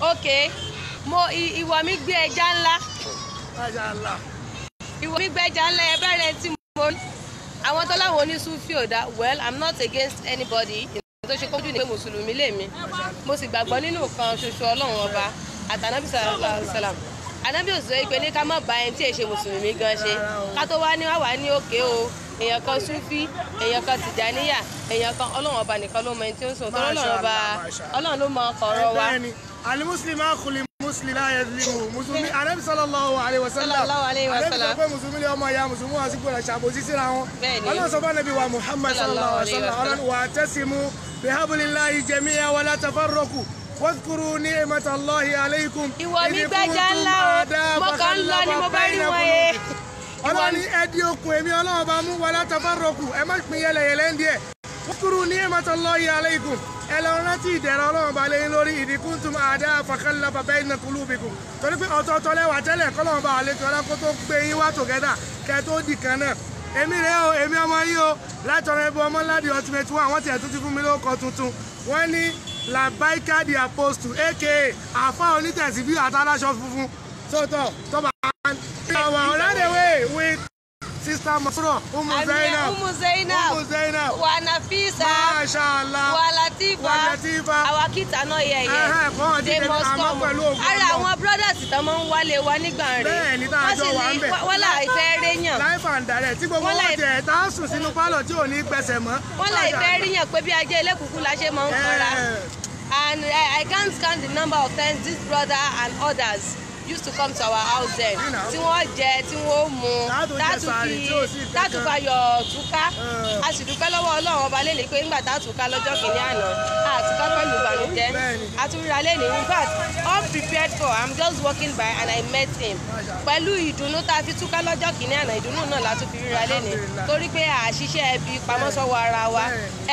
ok mo ìwọ mi gbé ẹja ńlá. ẹja ńlá. ìwọ mi gbé ẹja ńlá ẹ bẹ̀rẹ̀ tí mo rí. àwọn tó láwọn onísùfì ò well i'm not against anybody tó ṣe kọjú ní pé mùsùlùmí lèmi mo sì gbàgbọ́ nínú kan ṣoṣo ọlọ́run ọba àtànábì sàlám ànábì òsì sọ pé ní ká má ba ẹni tí èṣe mùsùlùmí gan ṣe ká tó wá ní wá wá ní òkè o èèyàn kan súfí èèyàn kan tìjàníyà èèyàn kan ọlọ́run ọba nìkan ló mọ ẹni tí ó ń sùn tó ọlọ́run ọba ọlọ́run ló mọ ọkọ̀ ọ̀rọ̀ wa alimusulima kuli musulima yẹlimu musulmi anabi sallallahu alayhi wa sallam anabi sọ pé musulmi lè ọmọ ya musulmi wa sì gbọ́dọ̀ ṣàbòsí síra wọn Ọlọ́run sọ fún anabi wa muhammad sallallahu alayhi wa sallam wa tẹsimu bihabulilayi jamiya wala tafarroku wọ́kúrú ní ìmọ̀tàlọ́hì aleikum. ìwọ mi gbẹ́jà ńlá o mo kàn ń lọ ni mo bá rí wọn ye. ọlọ́ni ẹ di okùn èmi ọlọ́run bá mú wala tafarroku ẹ má pín yẹlẹyẹlẹ ń díẹ̀ wọ́kúrú ní ìmọ̀tàlọ́hì aleikum ẹ lọ rántí ìdẹ̀rọ ọlọ́run bá léyìn lórí ìdíkùntùm àdá àfàkànlá bàbá ìnà kùlùbìkù torí pé ọ̀tọ̀ọ̀tọ̀ lẹ́wà tẹ́lẹ̀ kọ́lọ́run bá àlejò ọlọ́kó tó gbé yín wá tògẹ́dà kẹ́ tó dì kan náà èmi rẹ o èmi ọmọ yìí o látọrọ ẹbí ọmọ ládìí ultimate one àwọn tiẹ̀ tún ti fún mi lóko tuntun wọ́n ní labaika the apostle aka àfa onítẹ̀síbí àtàlásọ funfun tó tọ́ba àwọn Sister Mansura, Umu Zainab, Umu Zainab, Umu Zainab, wa Nafisa, Masha Allah, wa Latifa, wa Latifa, our kids are not here yet. They must come. Ara àwọn brothers tán máa ń wálé wa nígbà rẹ̀. Bẹ́ẹ̀ni tá a jọ wà ń bẹ̀. Wọ́n là ìfẹ́ rẹ̀ yàn. Life and direct tí gbogbo wọn jẹ̀ tá a sùn sínú pálọ̀ tí ò ní gbẹ̀sẹ̀ mọ́. Wọ́n là ìfẹ́ rí yàn pé bí ajé ẹlẹ́kùnkùn la ṣe máa ń kọ́ra. And I, I can't count the number of times this brother and others used to come to our house then tí wọ́n jẹ tí wọ́n mu látùkí látùkà yọ túká eh. a sì dúpẹ́ lọ́wọ́ ọlọ́run ọba lẹ́nu pé ńgbà tátùká lọ́jọ́ kìíní àná àtúkà pẹ̀lú ìbànújẹ́ àtúrà lẹ́nu in fact all prepared for i'm just walking by and i met him pẹ̀lú ìdùnnú tá a fi túká lọ́jọ́ kìíní àná ìdùnnú náà la tún fi ríra lẹ́nu torí pé àṣìṣe ẹbí pamọ́ ara wa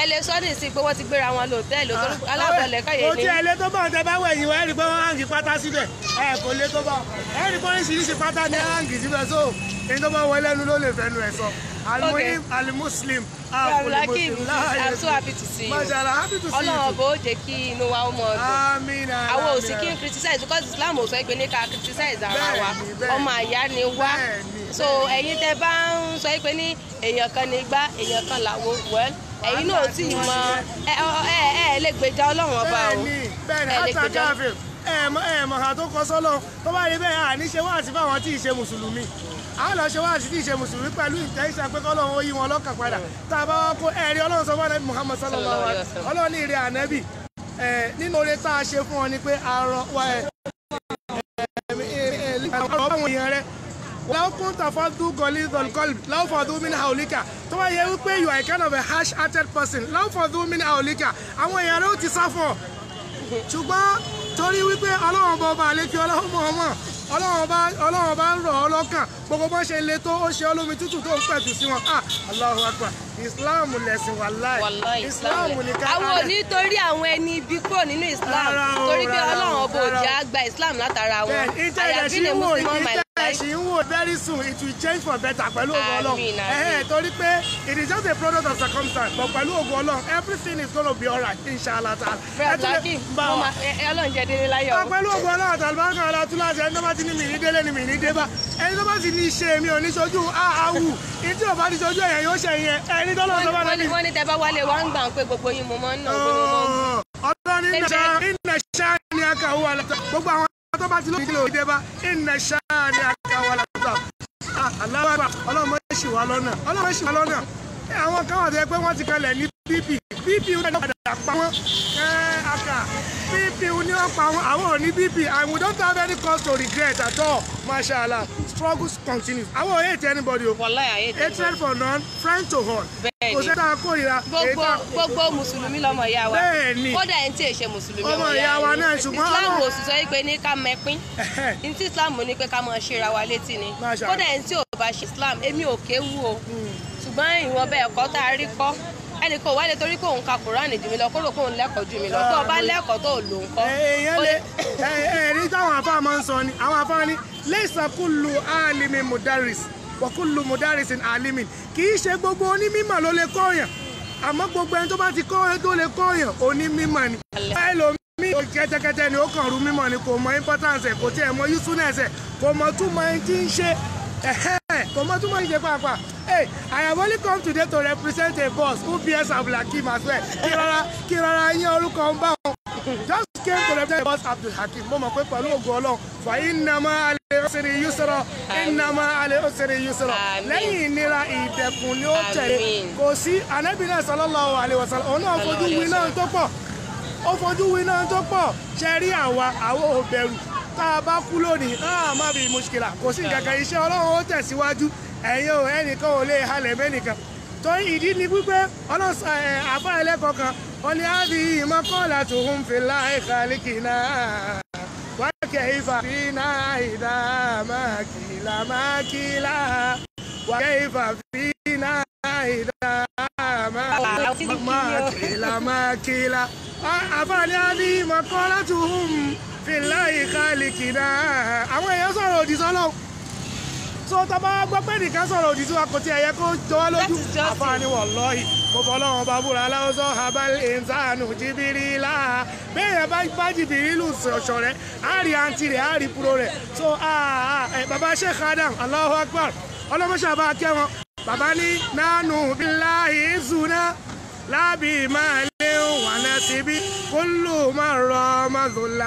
ẹ lè sọ ní pé wọ́n ti gbéra wọn lọ hòtẹ́ẹ̀lì ẹni pé oríṣiríṣi pátá ní áńgì síbẹ̀ so ẹni tó bá wọ ẹlẹ́nu ló lè fẹnu ẹ̀ sọ alimuhim alimuslim abdulhakeem i'm so happy to see you ọlọ́run ọbọ ó jẹ́ kí inú wa ó mọ ọdún àwọn ò sì kí n criticize because islam ò sọ pé ní ká criticize ara wa ọmọ àyá ni wá so ẹ̀yin tẹ́ bá ń sọ pé ní èèyàn kan ní gbá èèyàn kan làwo well ẹ̀yin náà ò tí ì mọ ẹ ẹ ẹ lè gbèjà ọlọ́run ọba o ẹ lè gbèjà ẹ̀ẹ̀mọ̀ ẹ̀ẹ̀mọ̀ kan tó kọ sọ́lọ́ tó bá rí bẹ́ẹ̀ àní ṣe wáàsí fáwọn tí ì ṣe mùsùlùmí a lọ ṣe wáàsí tí ì ṣe mùsùlùmí pẹ̀lú ìtẹ́sà pé kọ́lọ́run ó yí wọn lọ́kàn padà tá a bá wá kó ẹ̀rí ọlọ́run sọ fún ànábì Muhammad sallallahu alaihi wa sallam ọlọ́run ní ìrẹ́ ànábì nínú oore tá a ṣe fún ọ ni pé arọ wa ẹ̀ ọ̀rọ̀ báwọn èèyàn rẹ wọ́n kún tàfọ́dún gọ́lídọ̀n kọ́lù láwùfọ́dún mí ní àolíkà tó bá yẹ wípé you are a kind of a harsh hearted person láwùfọ́dún mí ní àolíkà àwọn èèyàn rẹ ó ti sá fún ọ ṣùgbọ́n torí wípé ọlọ́run bá ọba àlékí ọlọ́run mọ̀ ọmọ ọlọ́run bá ọlọ́run bá ń rọ̀ ọ́ lọ́kàn gbogbo bó ṣe le tó ó ṣe olómi tútù tó ń pẹ̀tù sí wọn ah Allahu Akbar Islam lẹ̀sìn wàláì Islam ní ká àwọn onítorí àwọn ẹni ibi kúrò nínú Islam torí pé ọlọ́run ọba òjì àgbà Islam látara wọn àyàfi ni muslim my ẹ̀sìn ń wò very soon it will change for better pẹ̀lú ògùn ọlọ́run ẹ̀hẹ́n torí pé it is just a product of circumstance but pẹ̀lú ògùn ọlọ́run everything is gonna be alright inshallah ta. fred laki ọmọ ọlọ́run jẹ délé láyọ̀ o. pẹ̀lú ògùn ọlọ́run àtàlùbáńkà alátúláṣẹ ẹni tó bá ti ní mi ní délé ni mi ní dé bá ẹni tó bá ti ní iṣẹ́ mi ò ní ṣojú àáwù ìdí ò bá ti ṣojú ẹ̀yẹ̀ yóò ṣe yẹn ẹni tó lọ́ọ́ tó bá lọ́ wọ́n ní tẹ bá wálé wá ń gbà ń pé gbogbo yín mo máa ń nà gbogbo mọ́. ọlọ́run ní ìnà ṣáà ní akáwọ́ àlọ́tọ̀ gbogbo àwọn tó bá ti lóògùn ìdílé òdìdé bá ìnà ṣáà ní akáwọ́ wà ọlọ́mọ ṣì wá lọ́nà ọlọ́mọ ṣì wá lọ́nà àwọn kan wà tó yẹ ti kalẹ̀ ní bp bp ó dẹ̀ padà pa wọ́n kàkà bp ni wọ́n pa àwọn àwọn ò bp and we don't have any cause to regret at all mashallah struggles continue I won't hate anybody o hatred for none friend to all kò sẹ́ta kórìíra gbogbo gbogbo mùsùlùmí lọmọ ìyá wa bẹ́ẹ̀ni kódà ẹni tí ì ṣe mùsùlùmí ọmọ ìyá wa náà ṣùgbọ́n islam ò sì sọ pé ní ká mẹpín ní tí islam ní pé ká máa ṣera wa létí ni kódà ẹni tí ò bá ṣe islam èmi ò kéwu o hmm. ṣùgbọ́n ìwọ̀n bẹ́ẹ̀ kọ́ tá a rí kọ́ ẹnìkan ò wá lè torí pé òun ka kùránì jù mí lọ kóró kóun lẹ́kọ̀ọ́ jù mí lọ tó o bá lẹ́kọ̀ọ́ tó o lò ń kọ́. èèyàn lè ẹ̀rí táwọn afá máa ń sọ ni àwọn afá ni laysa kullu alimi mudaris wa kullu mudarisin alimin kì í ṣe gbogbo onímọ̀ ló lè kọ́ọ̀yàn àmọ́ gbogbo ẹni tó bá ti kọ́ọ̀yàn tó lè kọ́ọ̀yàn onímọ̀ ni. ẹlòmíì kẹ́tẹ́kẹ́tẹ́ ni ó kàn rú mímọ̀ ni kò mọ importance kò tiẹ̀ mọ usefulness kò mọ túmọ̀ ẹni tí ń ṣe kò mọ túmọ̀ ẹni tí ń ṣe pàápàá Hey, I have only come today to represent a boss who bears Abdulhakeem as well. Kirara Kirara yín orúkọ come back. Just came to represent a boss Abdulhakeem. Mo mọ̀ pé pẹ̀lú ògùn Ọlọ́run. Fa innama alẹ́ òsèré yìí sọ̀rọ̀. Innama alẹ́ òsèré yìí sọ̀rọ̀. Lẹ́yìn ìnira ìdẹ̀kùn ni ó tẹ̀lé. Kò sí Ànábì náà sallallahu alaihi wasallam. Òun náà fojú wí náà tó pọ̀. Ó fojú wí náà tó pọ̀. Ṣé rí àwa àwọn tá a bá kú lónìí náà má bí mùṣkílà kò sí nǹkan kan iṣẹ́ ọlọ́run ó tẹ̀síwájú ẹ̀yin ò ẹnìkan ò lè halẹ̀ mẹ́nìkan tó ìdí ni wípé ọlọ́sà ẹ̀ àbá ẹlẹ́kọ̀ọ́ kan wọ́n ní ábí ìmọ̀ kọ́ọ̀lá tó ń fi láì kàlíkì náà wá kẹ́yìfà fi náà ìdá máa kìlà máa kìlà wá kẹ́yìfà fi náà ìdá máa kìlà máa kìlà àbá ní ábí ìmọ̀ kọ́ọ̀lá tó ń fìláì káàlìkì náà àwọn èèyàn sọ̀rọ̀ òdì sọ́lọ́ so tó bá gbọ́ pé nìkan sọ̀rọ̀ òdì sí wa kò tiẹ̀ yẹ kó jọ wá lójú àfààní wallahi mo fọ́ lọ́wọ́n bá búra aláwọ̀sọ habal insanu jibiri la bẹ́ẹ̀ bá bá jìbìrì lù sọ̀ṣọ̀ rẹ̀ á rí àǹtí rẹ̀ á rí púrò rẹ̀ so eh, bàbá sheikh adam allahu akbar ọlọ́mọṣà bá kẹ́ wọn bàbá ní nánú bíláì zuna lábì máa lé wọn lẹ́sibí kúlù máa rọ ọmọ zòlá.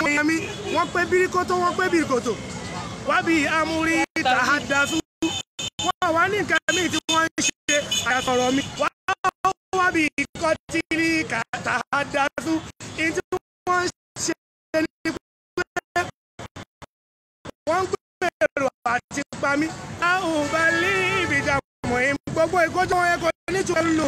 Miami wọ́n pé bíríkótó wọ́n pé bíríkótó wábì amúrí tàhádású wọ́n wá ní nǹkan míì tí wọ́n ń ṣe àyàsọ̀rọ̀ mi wábì kọ́tílì tàhádású èyí tí wọ́n ń ṣe ní pé wọ́n ń gbèrò àti pamí. a ò bá lé ìbìjà mọ̀ ẹ́ gbogbo ìkójọ́ wọn ẹ̀kọ́ nítorí lò.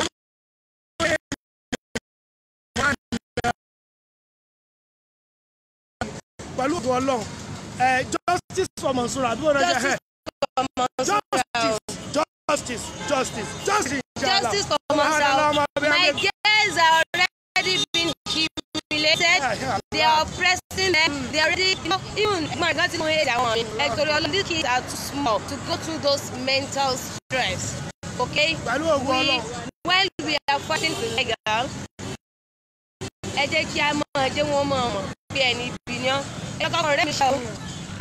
pẹ̀lú ògùn ọlọ́run justice for Mansura àbí wọn rẹ justice justice justice justice for Mansura my girls are already been humiliated they are oppressing them mm. they are already even my ẹ̀gbọ́n tí mo hate àwọn ẹgbẹrẹ ọlọ́run these kids are too small to go through those mental stress okay we when we are fighting to legal ẹ jẹ́ kí a mọ̀ ẹ jẹ́ wọ́n mọ̀ ọmọ bí ẹni bí ni ọ́ ẹ kọ́kọ́ rẹ̀ mi ta o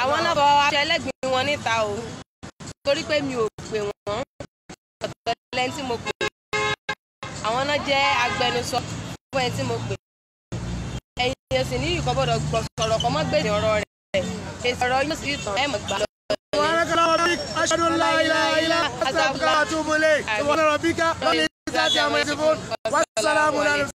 àwọn náà bọ aṣọ ẹlẹ́gbìn wọn níta o torí pé mi ò pè wọ́n ọ̀tọ̀ lẹ́ni tí mo pè àwọn náà jẹ́ agbẹnusọ fún ẹni tí mo pè ẹ̀yin èsì ní ìkọ́ gbọ́dọ̀ gbọ́ sọ̀rọ̀ kọ́ mọ́ gbèsè ọ̀rọ̀ rẹ̀ èsì ọ̀rọ̀ yóò sì tàn ẹ̀ mọ̀ gbà lọ. أشهد أن لا إله